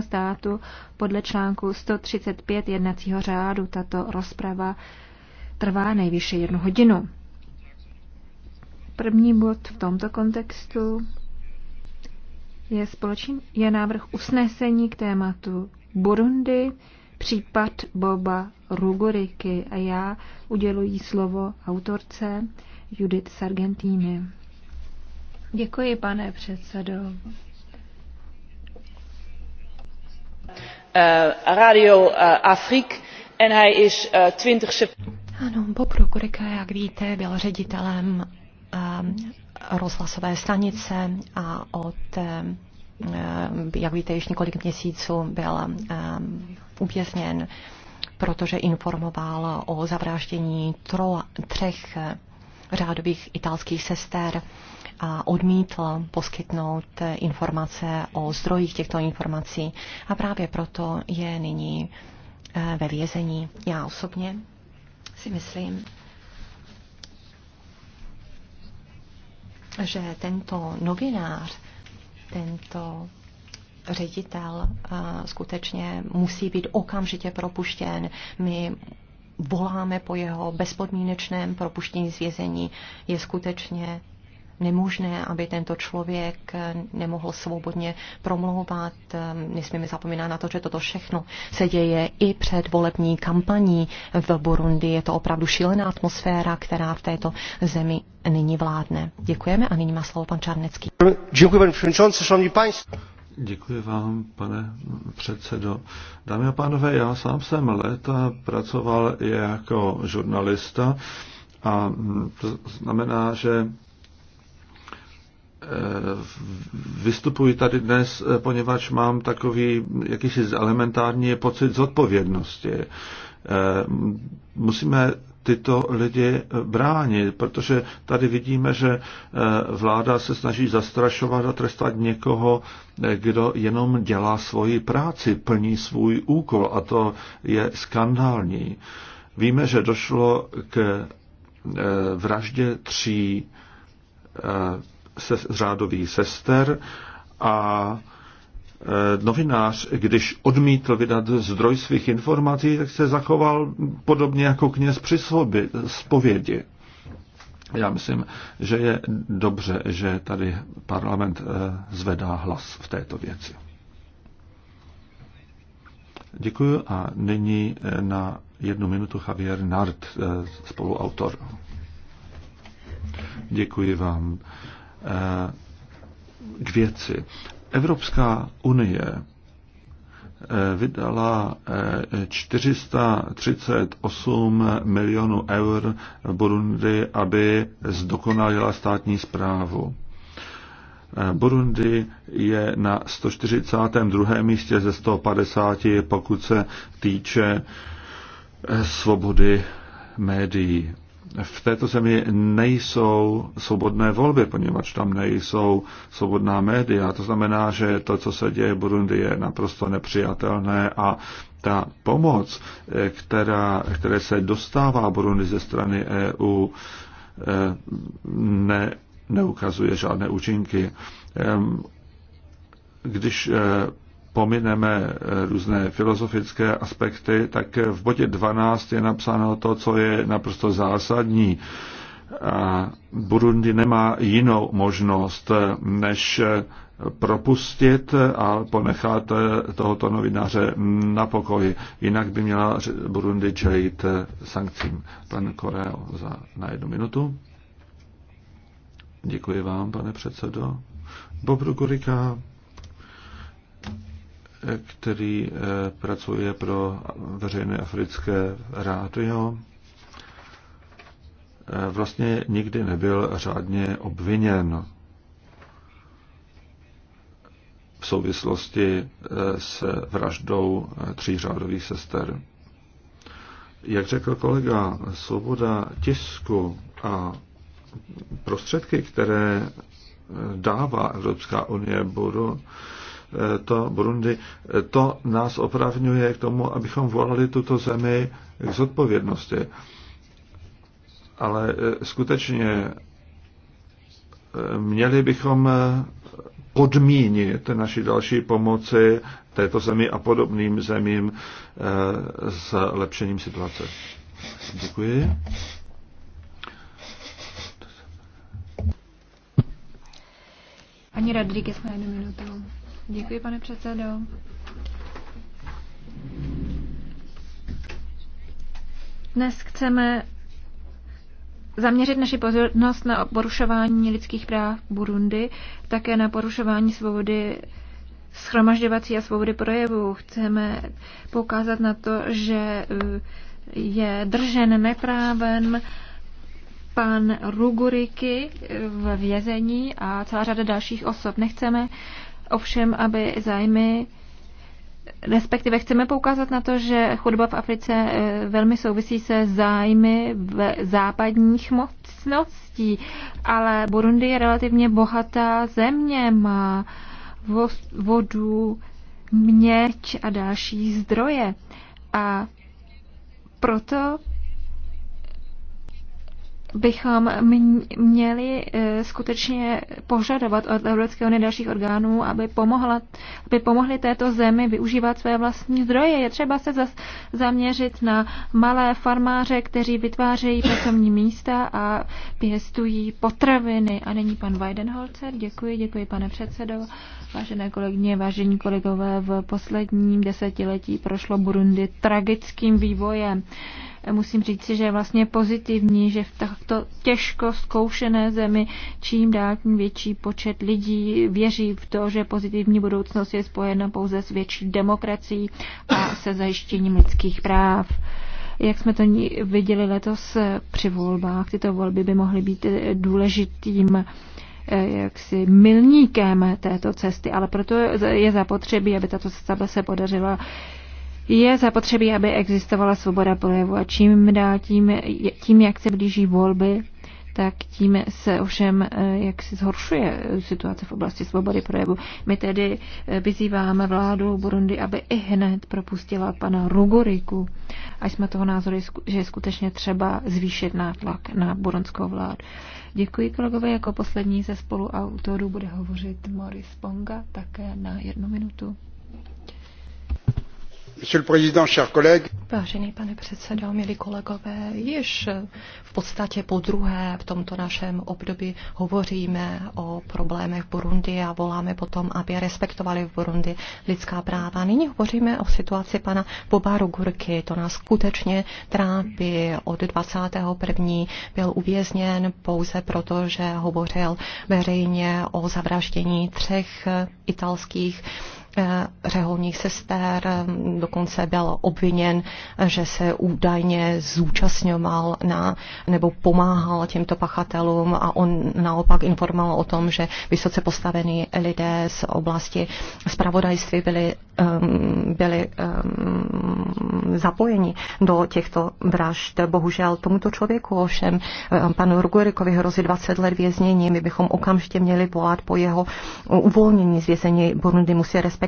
státu podle článku 135 jednacího řádu. Tato rozprava trvá nejvyšší jednu hodinu. První bod v tomto kontextu je, společný, je návrh usnesení k tématu Burundi, případ Boba Ruguriky a já uděluji slovo autorce Judith Sargentini. Děkuji, pane předsedo. Eh, Radio eh, afrique en hij is 20 eh, september. Ano, Bob jak víte, byl ředitelem um, rozhlasové stanice a od, um, jak víte, již několik měsíců byl um, uvězněn, protože informoval o zavraždění tro, třech řádových italských sester a odmítl poskytnout informace o zdrojích těchto informací a právě proto je nyní eh, ve vězení. Já osobně si myslím, že tento novinář, tento ředitel eh, skutečně musí být okamžitě propuštěn. My voláme po jeho bezpodmínečném propuštění z vězení, je skutečně nemožné, aby tento člověk nemohl svobodně promlouvat. Nesmíme zapomínat na to, že toto všechno se děje i před volební kampaní v Burundi. Je to opravdu šílená atmosféra, která v této zemi nyní vládne. Děkujeme a nyní má slovo pan Čarnecký. Děkuji, pane předsedající, Děkuji vám, pane předsedo. Dámy a pánové, já sám jsem léta pracoval jako žurnalista a to znamená, že eh, vystupuji tady dnes, eh, poněvadž mám takový jakýsi elementární pocit zodpovědnosti. Eh, musíme tyto lidi eh, bránit, protože tady vidíme, že eh, vláda se snaží zastrašovat a trestat někoho, eh, kdo jenom dělá svoji práci, plní svůj úkol a to je skandální. Víme, že došlo k vraždě tří řádových sester a Eh, novinář, když odmítl vydat zdroj svých informací, tak se zachoval podobně jako kněz při svoby, zpovědi. Já myslím, že je dobře, že tady parlament eh, zvedá hlas v této věci. Děkuji a nyní eh, na jednu minutu Javier Nard, spoluautor. Děkuji vám. K věci. Evropská unie eh, vydala 438 eh, milionů eur Burundi, aby zdokonalila státní zprávu. Eh, Burundi je na 142. místě ze 150, pokud se týče svobody médií v této zemi nejsou svobodné volby, poněvadž tam nejsou svobodná média. To znamená, že to, co se děje v Burundi, je naprosto nepřijatelné a ta pomoc, která, které se dostává Burundi ze strany EU, eh, ne, neukazuje žádné účinky. Ehm, když eh, pomineme eh, různé filozofické aspekty, tak eh, v bodě 12 je napsáno to, co je naprosto zásadní. A Burundi nemá jinou možnost, eh, než propustit a ponechat tohoto novináře na pokoji. Jinak by měla Burundi čelit sankcím. Pan Koreo za, na jednu minutu. Děkuji vám, pane předsedo. Bobru Kurika který eh, pracuje pro veřejné africké rádio, eh, vlastně nikdy nebyl řádně obviněn v souvislosti eh, s vraždou tří řádových sester. Jak řekl kolega, svoboda tisku a prostředky, které dává Evropská unie, budou to Burundi, to nás opravňuje k tomu, abychom volali tuto zemi k zodpovědnosti. Ale e, skutečně e, měli bychom e, podmínit naši další pomoci této zemi a podobným zemím s lepšením situace. Děkuji. Ani Rodríguez má jednu minutu. Děkuji, pane předsedo. Dnes chceme zaměřit naši pozornost na porušování lidských práv Burundi, také na porušování svobody schromažďovací a svobody projevu. Chceme poukázat na to, že eh, je držen neprávem pan Ruguriky v vězení a celá řada dalších osob. Nechceme ovšem, aby zájmy respektive chceme poukázat na to, že chudoba v Africe eh, velmi souvisí se zájmy v západních mocností, ale Burundi je relativně bohatá země, má vodu, měď a další zdroje. A proto bychom měli e, skutečně požadovat od Evropské unie dalších orgánů, aby, pomohla, aby pomohli této zemi využívat své vlastní zdroje. Je třeba se zas zaměřit na malé farmáře, kteří vytvářejí pracovní místa a pěstují potraviny. A není pan Weidenholzer. Děkuji, děkuji pane předsedo. Vážené kolegyně, vážení kolegové, v posledním desetiletí prošlo Burundi tragickým vývojem musím říci, že je vlastně pozitivní, že v takto těžko zkoušené zemi čím dál tím větší počet lidí věří v to, že pozitivní budoucnost je spojena pouze s větší demokracií a se zajištěním lidských práv jak jsme to viděli letos při volbách, tyto volby by mohly být důležitým eh, jaksi milníkem této cesty, ale proto je zapotřebí, aby tato cesta se podařila je zapotřebí, aby existovala svoboda projevu a čím dál tím, tím, jak se blíží volby, tak tím se ovšem eh, jak se zhoršuje situace v oblasti svobody projevu. My tedy eh, vyzýváme vládu Burundi, aby i hned propustila pana Ruguriku. A jsme toho názoru, že je skutečně třeba zvýšit nátlak na burundskou vládu. Děkuji kolegové. Jako poslední ze spoluautorů bude hovořit Moris Ponga také na jednu minutu. Monsieur le Président, chers collègues. Vážený pane předsedo, milí kolegové, již v podstatě po druhé v tomto našem období hovoříme o problémech v Burundi a voláme potom, aby respektovali v Burundi lidská práva. Nyní hovoříme o situaci pana Bobaru Gurky. To nás skutečně trápí. Od 21. byl uvězněn pouze proto, že hovořil veřejně o zavraždění třech italských Eh, řeholních sester, mm, dokonce byl obviněn, že se údajně zúčastňoval na, nebo pomáhal těmto pachatelům a on naopak informoval o tom, že vysoce postavení lidé z oblasti spravodajství byli, ehm, byli ehm, zapojeni do těchto vražd. Bohužel tomuto člověku ovšem, eh, panu Rugurikovi hrozí 20 let věznění, my bychom okamžitě měli volat po jeho uvolnění z vězení Burundi musí respektovat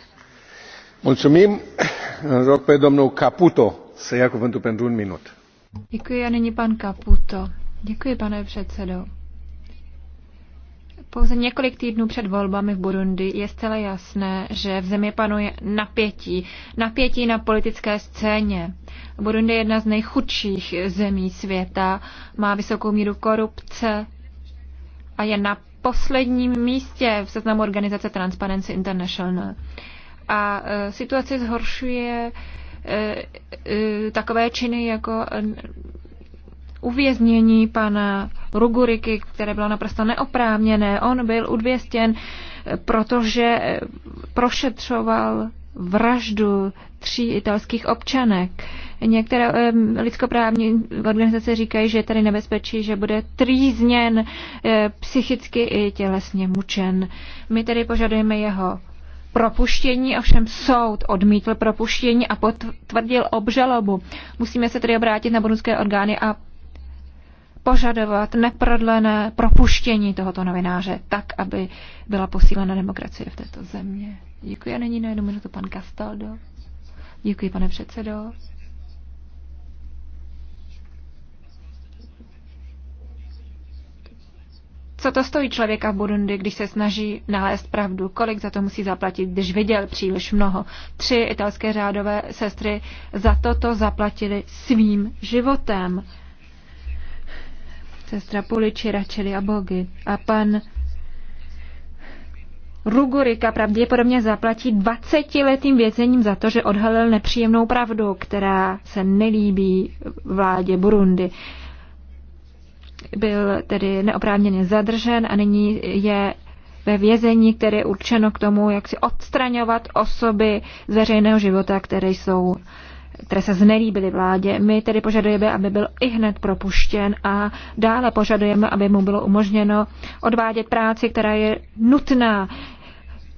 pan pane předsedající Pouze několik týdnů před volbami v Burundi je zcela jasné, že v zemi panuje napětí. Napětí na politické scéně. Burundi je jedna z nejchudších zemí světa, má vysokou míru korupce a je na posledním místě v seznamu organizace Transparency International a e, situaci zhoršuje e, e, takové činy jako uvěznění pana Ruguriky, které bylo naprosto neoprávněné. On byl uvěstěn, protože prošetřoval vraždu tří italských občanek. Některé um, lidskoprávní organizace říkají, že je tady nebezpečí, že bude trýzněn e, psychicky i tělesně mučen. My tedy požadujeme jeho propuštění, ovšem soud odmítl propuštění a potvrdil obžalobu. Musíme se tedy obrátit na bonudské orgány a požadovat neprodlené propuštění tohoto novináře, tak, aby byla posílena demokracie v této země. Děkuji a není na jednu minutu pan Castaldo. Děkuji, pane předsedo. Co to stojí člověka v Burundi, když se snaží nalézt pravdu? Kolik za to musí zaplatit, když viděl příliš mnoho? Tři italské řádové sestry za toto zaplatili svým životem. Sestra Puliči, Račeli a Bogy. A pan Rugurika pravděpodobně zaplatí 20-letým vězením za to, že odhalil nepříjemnou pravdu, která se nelíbí vládě Burundi byl tedy neoprávněně zadržen a nyní je ve vězení, které je určeno k tomu, jak si odstraňovat osoby z veřejného života, které jsou které se znelíbily vládě. My tedy požadujeme, aby byl i hned propuštěn a dále požadujeme, aby mu bylo umožněno odvádět práci, která je nutná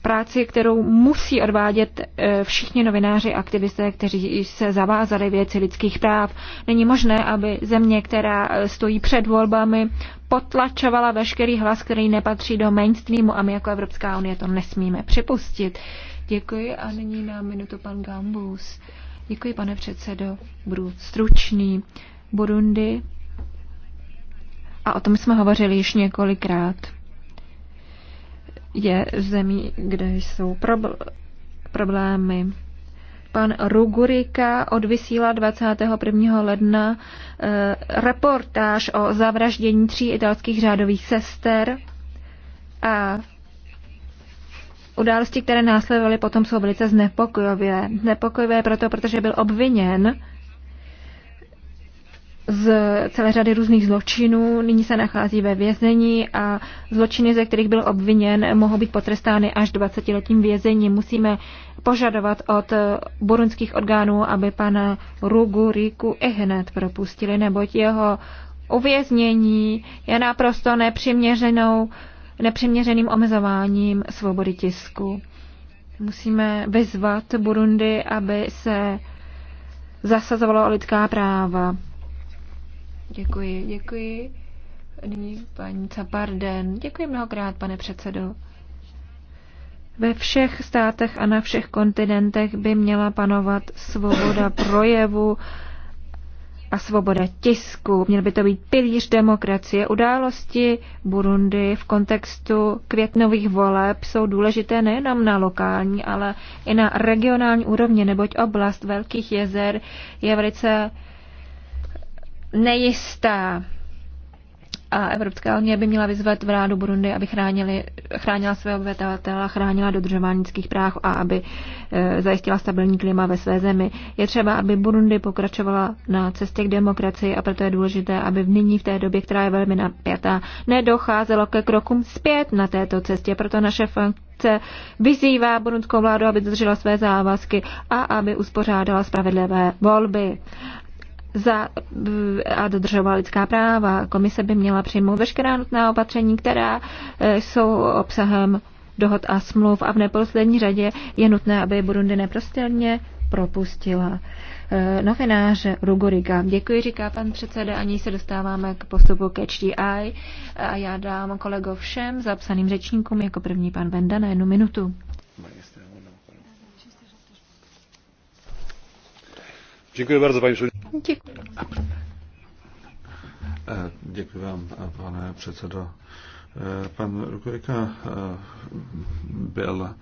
práci, kterou musí odvádět eh, všichni novináři, aktivisté, kteří se zavázali věci lidských práv. Není možné, aby země, která eh, stojí před volbami, potlačovala veškerý hlas, který nepatří do mainstreamu a my jako Evropská unie to nesmíme připustit. Děkuji a nyní na minutu pan Gambus. Děkuji, pane předsedo. Budu stručný. Burundi. A o tom jsme hovořili již několikrát je zemí, kde jsou probl- problémy. Pan Rugurika odvysílá 21. ledna e, reportáž o zavraždění tří italských řádových sester a události, které následovaly potom, jsou velice znepokojivé. Znepokojivé proto, protože byl obviněn z celé řady různých zločinů, nyní se nachází ve vězení a zločiny, ze kterých byl obviněn, mohou být potrestány až 20 letím vězení. Musíme požadovat od burundských orgánů, aby pana Rugu Riku hned propustili, neboť jeho uvěznění je naprosto nepřiměřenou, nepřiměřeným omezováním svobody tisku. Musíme vyzvat Burundi, aby se zasazovalo o lidská práva. Děkuji, děkuji. Nyní paní Caparden. Děkuji mnohokrát, pane předsedo. Ve všech státech a na všech kontinentech by měla panovat svoboda projevu a svoboda tisku. Měl by to být pilíř demokracie. Události Burundi v kontextu květnových voleb jsou důležité nejenom na lokální, ale i na regionální úrovni, neboť oblast Velkých jezer je velice nejistá. A Evropská unie by měla vyzvat vládu Burundi, aby chránili, chránila své obyvatele, chránila dodržování lidských práv a aby e, zajistila stabilní klima ve své zemi. Je třeba, aby Burundi pokračovala na cestě k demokracii a proto je důležité, aby v nyní v té době, která je velmi napjatá, nedocházelo ke krokům zpět na této cestě. Proto naše funkce vyzývá burundskou vládu, aby dodržela své závazky a aby uspořádala spravedlivé volby za a dodržovala lidská práva. Komise by měla přijmout veškerá nutná opatření, která e, jsou obsahem dohod a smluv a v neposlední řadě je nutné, aby Burundi neprostelně propustila e, novináře Rugorika. Děkuji, říká pan předseda, a ní se dostáváme k postupu ke HDI a já dám kolego všem zapsaným řečníkům jako první pan Venda na jednu minutu. Děkuji bardzo, paní e, Děkuji. vám, e, pane předsedo. E, pan Rukurika byl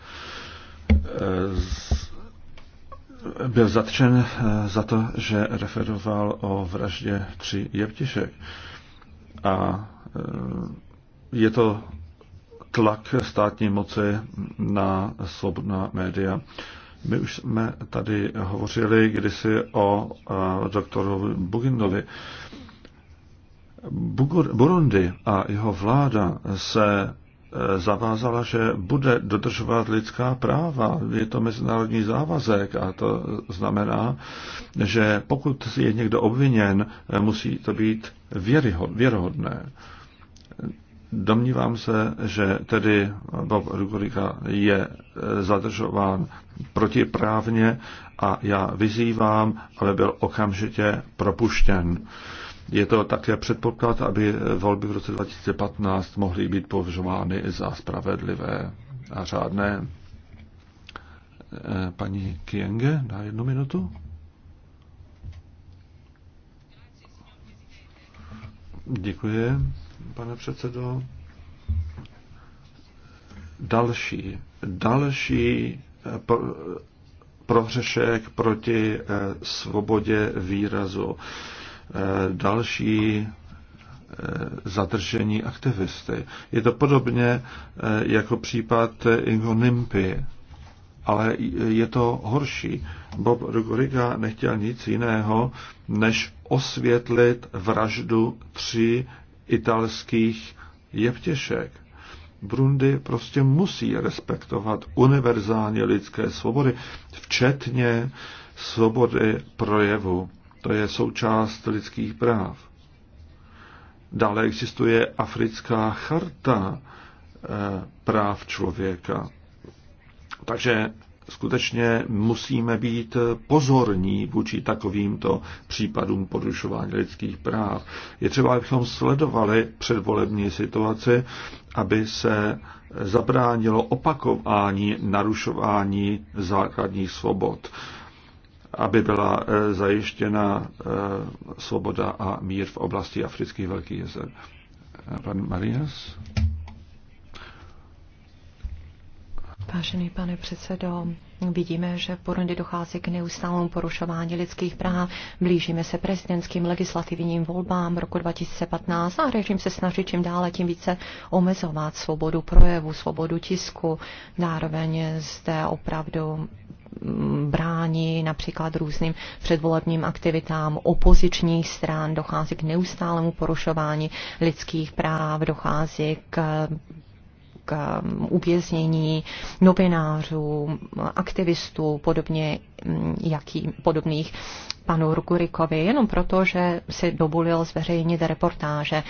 byl zatčen za to, že referoval o vraždě tří jeptišek. A je to tlak státní moci na svobodná média. My už jsme tady hovořili kdysi o doktoru Bugindovi. Burundi a jeho vláda se e, zavázala, že bude dodržovat lidská práva. Je to mezinárodní závazek a to znamená, že pokud je někdo obviněn, musí to být věrohodné. Domnívám se, že tedy Bob Rugorika je e, zadržován protiprávně a já vyzývám, aby byl okamžitě propuštěn. Je to také předpoklad, aby volby v roce 2015 mohly být považovány za spravedlivé a řádné. E, paní Kienge, na jednu minutu. Děkuji pane předsedo. Další, další eh, eh, prohřešek proti eh, svobodě výrazu. Další zadržení aktivisty. Je to podobně jako případ Ingo Nimpy, ale je to horší. Bob Rugoriga nechtěl nic jiného, než osvětlit vraždu tří italských jevtěšek. Brundy prostě musí respektovat univerzálně lidské svobody, včetně svobody projevu. To je součást lidských práv. Dále existuje Africká charta eh, práv člověka. Takže skutečně musíme být pozorní vůči takovýmto případům porušování lidských práv. Je třeba, abychom sledovali předvolební situaci, aby se zabránilo opakování narušování základních svobod, aby byla eh, zajištěna eh, svoboda a mír v oblasti afrických velkých jezer. Eh, pan Marias? Vážený pane předsedo, vidíme, že v Burundi dochází k neustálému porušování lidských práv. Blížíme se prezidentským legislativním volbám roku 2015 a režim se snaží čím dále tím více omezovat svobodu projevu, svobodu tisku. Zároveň zde opravdu mm, brání například různým předvolebním aktivitám opozičních stran, dochází k neustálému porušování lidských práv, dochází k k um, uvěznění novinářů, aktivistů, podobně mm, jaký, podobných panu Rukurikovi, jenom proto, že si dovolil zveřejnit reportáže,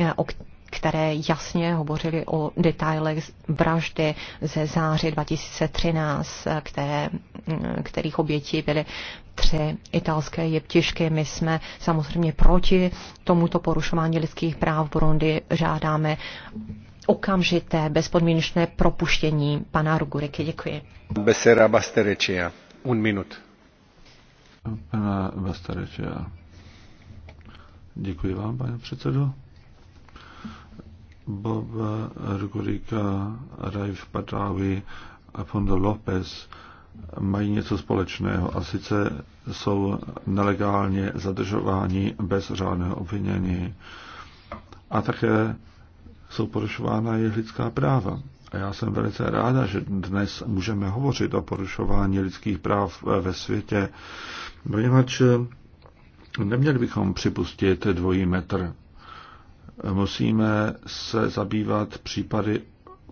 eh, o které jasně hovořily o detailech vraždy ze září 2013, eh, které, mm, kterých obětí byly tři italské jeptišky. My jsme samozřejmě proti tomuto porušování lidských práv v Burundi. Žádáme okamžité bezpodmínečné propuštění pana Ruguriky. Děkuji. Besera Basterečia. Un minut. Pana Basterečia. Děkuji vám, pane předsedo. Bob Rugurika, Raif Patawi a Fondo López mají něco společného a sice jsou nelegálně zadržováni bez řádného obvinění. A také jsou porušována jejich lidská práva. A já jsem velice ráda, že dnes můžeme hovořit o porušování lidských práv ve světě, poněvadž neměli bychom připustit dvojí metr. Musíme se zabývat případy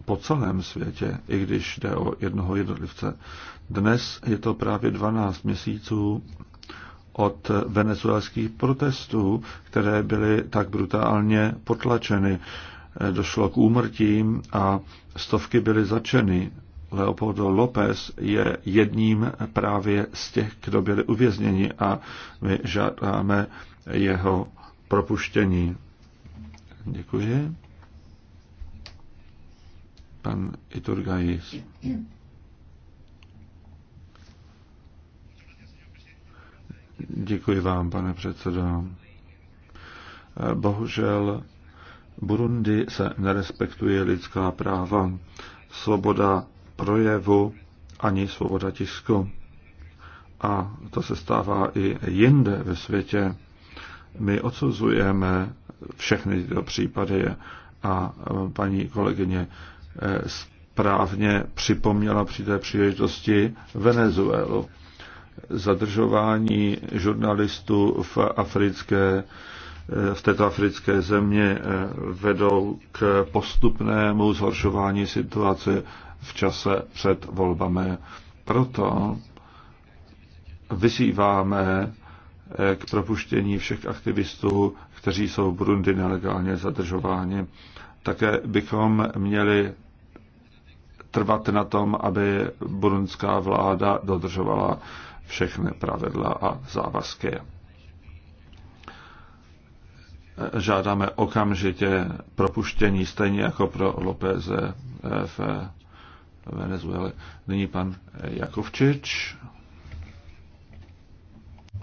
po celém světě, i když jde o jednoho jednotlivce. Dnes je to právě 12 měsíců od venezuelských protestů, které byly tak brutálně potlačeny došlo k úmrtím a stovky byly začeny. Leopoldo López je jedním právě z těch, kdo byli uvězněni a my žádáme jeho propuštění. Děkuji. Pan Iturgajis. Děkuji vám, pane předsedo. Bohužel Burundi se nerespektuje lidská práva, svoboda projevu ani svoboda tisku. A to se stává i jinde ve světě. My odsuzujeme všechny tyto případy a e, paní kolegyně e, správně připomněla při té příležitosti Venezuelu. Zadržování žurnalistů v africké v této africké země eh, vedou k postupnému zhoršování situace v čase před volbami. Proto vyzýváme eh, k propuštění všech aktivistů, kteří jsou v Burundi nelegálně zadržováni. Také bychom měli trvat na tom, aby burundská vláda dodržovala všechny pravidla a závazky žádáme okamžitě propuštění, stejně jako pro López v Venezuele. Nyní pan Jakovčič.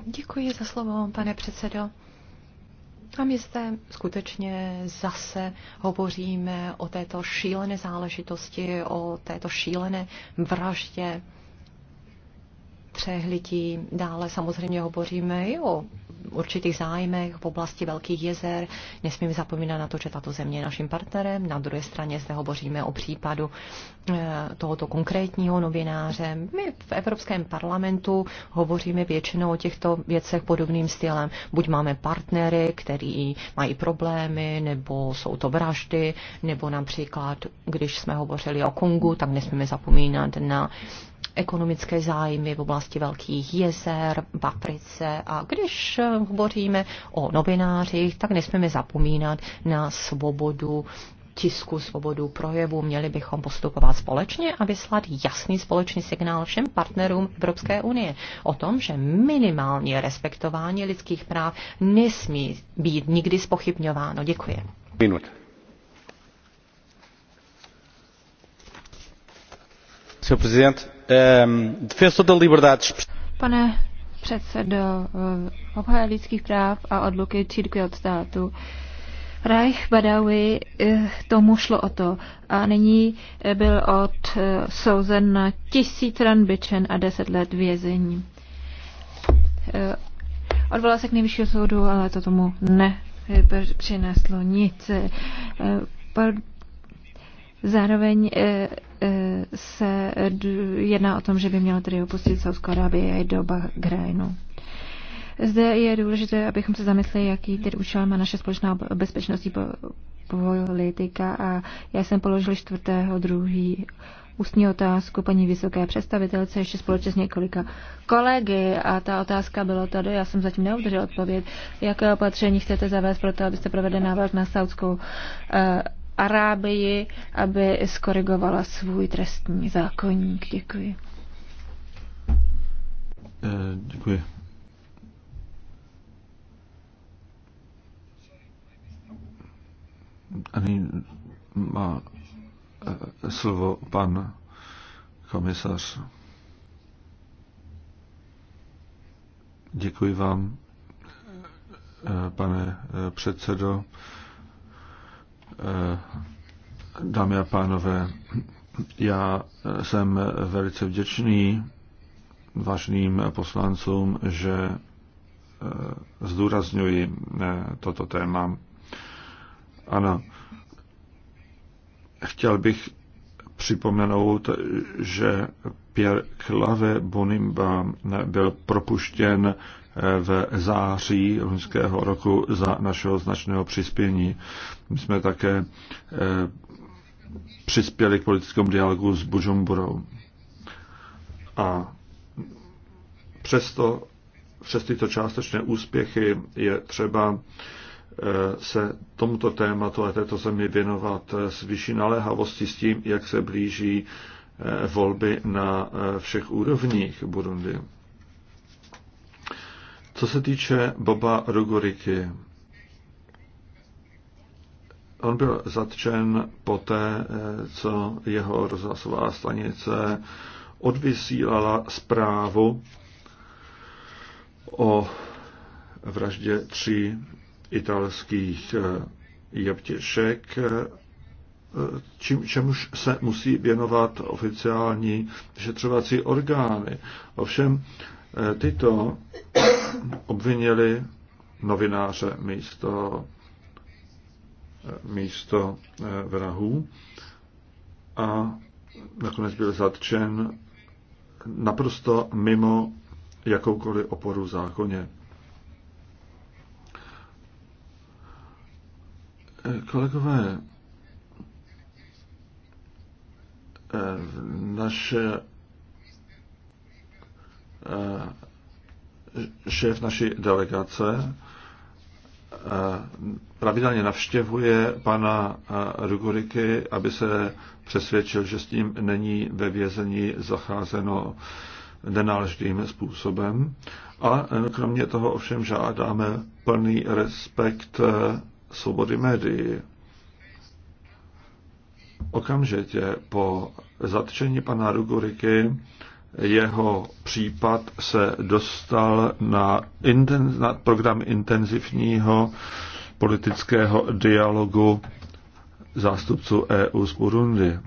Děkuji za slovo, pane předsedo. A my zde skutečně zase hovoříme o této šílené záležitosti, o této šílené vraždě přehlití. Dále samozřejmě hovoříme i o určitých zájmech v oblasti Velkých jezer. Nesmíme zapomínat na to, že tato země je naším partnerem. Na druhé straně zde hovoříme o případu eh, tohoto konkrétního novináře. My v Evropském parlamentu hovoříme většinou o těchto věcech podobným stylem. Buď máme partnery, který mají problémy, nebo jsou to vraždy, nebo například, když jsme hovořili o Kongu, tak nesmíme zapomínat na ekonomické zájmy v oblasti Velkých jezer, v Africe. A když hovoříme o novinářích, tak nesmíme zapomínat na svobodu tisku, svobodu projevu, měli bychom postupovat společně a vyslat jasný společný signál všem partnerům Evropské unie o tom, že minimální respektování lidských práv nesmí být nikdy spochybňováno. Děkuji. Minut. Ehm, Pane předsedo, eh, obhaja lidských práv a odluky církve od státu. Reich Badawi eh, tomu šlo o to a nyní eh, byl odsouzen na tisíc ran byčen a deset let vězení. Odvolal se k nejvyššího soudu, ale to tomu nepřineslo nic. Zároveň se jedná o tom, že by měla tedy opustit Saudskou Arábii a jít do Bahrajnu. Zde je důležité, abychom se zamysleli, jaký tedy účel má naše společná bezpečnostní politika a já jsem položil čtvrtého druhý ústní otázku paní vysoké představitelce ještě společně s několika kolegy a ta otázka byla tady, já jsem zatím neudržel odpověď, jaké opatření chcete zavést pro to, abyste provedli návrh na Saudskou uh, Arábii, aby skorigovala svůj trestní zákonník. Děkuji. Eh, děkuji. A nyní má eh, slovo pan komisař. Děkuji vám, eh, pane předsedo. Eh, dámy a pánové, já eh, jsem eh, velice vděčný vážným poslancům, že zdůrazňuji toto téma. Ano, chtěl bych připomenout, že Pierre Clave Bonimba byl propuštěn eh, v září loňského roku za našeho značného přispění. My jsme také eh, přispěli k politickému dialogu s Bujumburou. A přesto, přes tyto částečné úspěchy je třeba Eh, se tomuto tématu a této zemi věnovat eh, s vyšší naléhavostí s tím, jak se blíží eh, volby na všech úrovních Burundi. Co se týče Boba Rugoriky, on byl zatčen poté, co jeho rozhlasová stanice odvysílala zprávu o vraždě tří italských eh, jeptišek, eh, čím, čemuž se musí věnovat oficiální vyšetřovací orgány. Ovšem eh, tyto obvinili novináře místo, místo vrahů a nakonec byl zatčen naprosto mimo jakoukoliv oporu zákoně. Kolegové, eh, naše eh, šéf naší delegace eh, pravidelně navštěvuje pana Ruguriky, aby se přesvědčil, že s tím není ve vězení zacházeno nenáležitým způsobem. A kromě toho ovšem žádáme plný respekt svobody médií. Okamžitě po zatčení pana Ruguriky jeho případ se dostal na, inten, na program intenzivního politického dialogu zástupců EU z Burundi.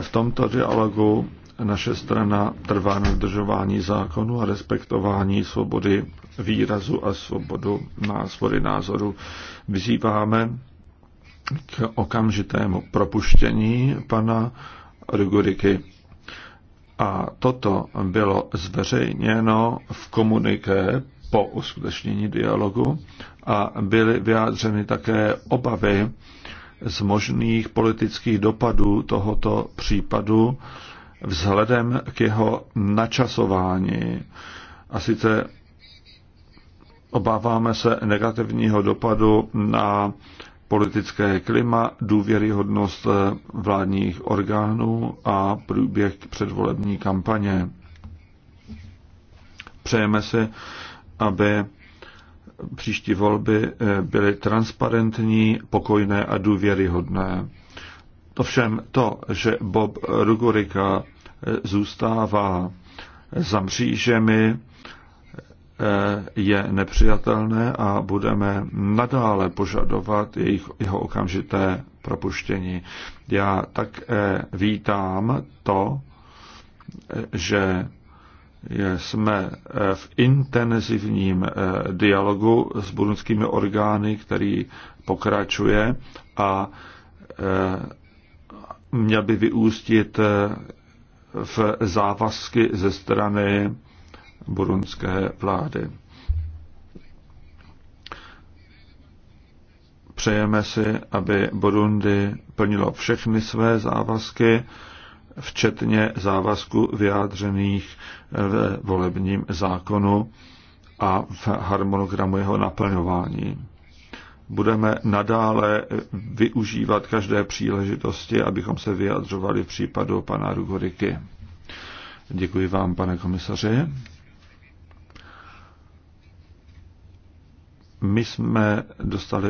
V tomto dialogu naše strana trvá na dodržování zákonu a respektování svobody výrazu a svobodu na svobody názoru. Vyzýváme k okamžitému propuštění pana Ruguriky. A toto bylo zveřejněno v komuniké po uskutečnění dialogu a byly vyjádřeny také obavy z možných politických dopadů tohoto případu vzhledem k jeho načasování. A sice Obáváme se negativního dopadu na politické klima, důvěryhodnost eh, vládních orgánů a průběh předvolební kampaně. Přejeme si, aby příští volby eh, byly transparentní, pokojné a důvěryhodné. Ovšem to, že Bob Rugurika eh, zůstává za mřížemi, Eh, je nepřijatelné a budeme nadále požadovat jejich, jeho okamžité propuštění. Já tak eh, vítám to, eh, že jsme v intenzivním dialogu s burundskými orgány, který pokračuje a měl by vyústit v závazky ze strany burundské vlády. Přejeme si, aby Burundi plnilo všechny své závazky, včetně závazku vyjádřených v volebním zákonu a v harmonogramu jeho naplňování. Budeme nadále využívat každé příležitosti, abychom se vyjadřovali v případu pana Rugoriky. Děkuji vám, pane komisaři. my jsme dostali